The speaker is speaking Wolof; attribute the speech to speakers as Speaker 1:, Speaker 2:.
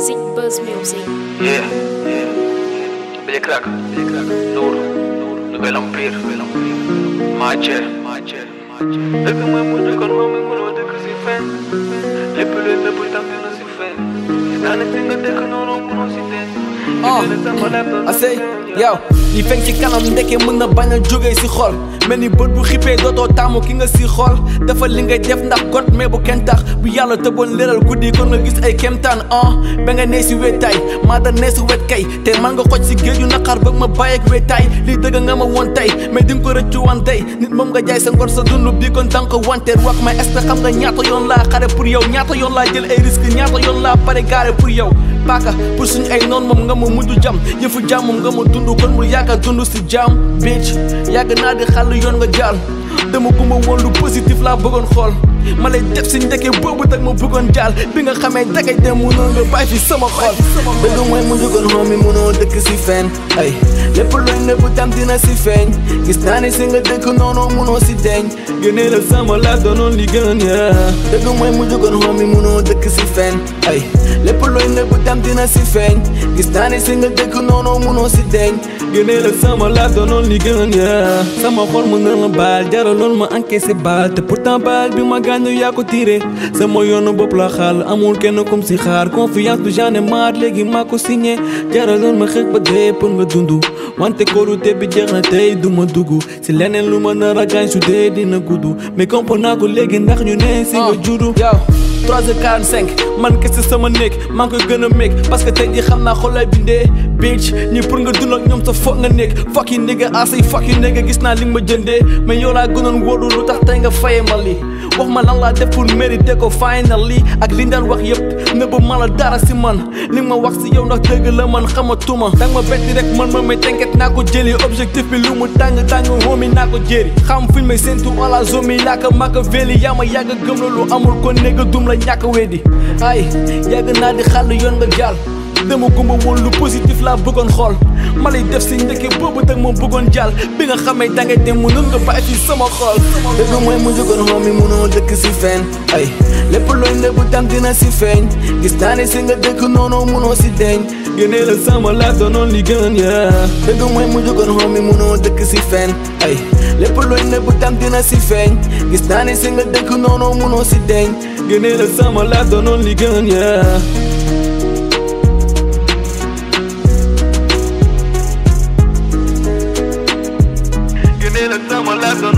Speaker 1: Zik Buzz Music. Yeah, yeah. Black Rock, Black Rock, Nur, Nur, Nouvelle Empire, Nouvelle Empire. Mager, Mager, Mager. Dacă mai mult decât nu am încolo decât zi fan. De pe lui pe putam de nu zi fan. Dar ne tingă decât nu am cunoscut. Oh, I say, yo. li feeñ ci kanam ndeke mën na bañal jógee si xol mel ni bët bu xippee dootoo taamu ki nga si xol dafa li nga def ndax got mais bu kenn tax bu yàlla tëboon leral guddi kon nga gis ay kemtaan ah ba nga nee si wetaay maa da nee si wet kay te man nga xoj si géeju nakar bëgg ma bàyyeeg wetaay lii dëgg nga ma woon tey mais di nga ko rëccu wan tey nit moom nga jaay sa ngor sa dund bi kon tànk wanteer wax ma est ce xam nga ñaata yoon laa xare pour yow ñaata yoon laa jël ay risque ñaata yoon laa pare gaare pour yow paaka pour suñ ay noon moom nga ma mujj jam yëfu jàmm nga ma dund kon mu yàgg yàgg a si si jàmm bitch yàgg naa di xàll yoon nga jàll dama gumba woon lu positif laa bëggoon xool ma lay def si njëkkee boobu tak ma bëggoon jaal bi nga xamee dagay dem mënoo nga bàyyi fi sama xol dëgg mooy mu jugoon xoom mi mënoo dëkk si fenn ay lépp looy nëbbu tam dina si feeñ gis naa ni si nga dëkk noonu mënoo si deñ génnee la sama laa doonoon li gënoon ya dëgg mooy mu jugoon xoom mi mënoo dëkk si fenn ay lépp looy nëbbu tam dina si feeñ gis naa ni si nga dëkk noonu mënoo si deñ génnee la sama laa doonoon li gënoon sama xol mën na la baal jaraloon gàññu yaa ko tiré sama yoonu bopp la xaal amul kenn comme si xaar confiance bi j'en ai léegi maa ko signé jaraloon ma xëj ba dee pour nga dund wante kóolute bi jeex na tey du ma dugg si leneen lu ma nar a gaañ su dee dina gudd mais comprendre naa ko léegi ndax ñu ne si nga ah, juddu. 3h45 man kese sama néeg maa ngi koy gën a meeg parce que tey jii xam naa xol lay bindee bitch ñi pour nga dund ak ñoom sa foog nga nekk fuck yi nigga a fuck yi nigga gis naa li ma jëndee mais ma wax ma lan laa deful mérité ko finally ak li daan wax yëpp nëbb ma la dara si man li ma wax si yow ndax dëgg la man xamatuma dang ma betti rek man ma may tenket naa ko jëli objectif bi lu mu tàng tàng homi naa ko jëri xam fuñ may séntu ala zomi naa ko maka veli yaa ma yàgg gëm la lu amul kon néega dum la ñàkk wedi ay yàgg naa di xàll yoon nga jàll dama gumba woon lu positif laa bëggoon xool ma lay def si njëkk boobu tag moom bëggoon jàll bi nga xamee dangay te mënul nga bàyyi ci sama xol dëgg mooy mu jógoon xool mi mënoo dëkk si fen ay lépp looy nëbbu tam dina si feeñ gis naa ne si nga dëkk noonu mënoo si deñ génnee la sama laa doonoon li gën ya dëgg mooy mu jógoon xool mi mënoo dëkk si fen ay lépp looy nëbbu tam dina si feeñ gis naa ne si nga dëkk noonu mënoo si deñ génnee la sama laa doonoon li gën lesson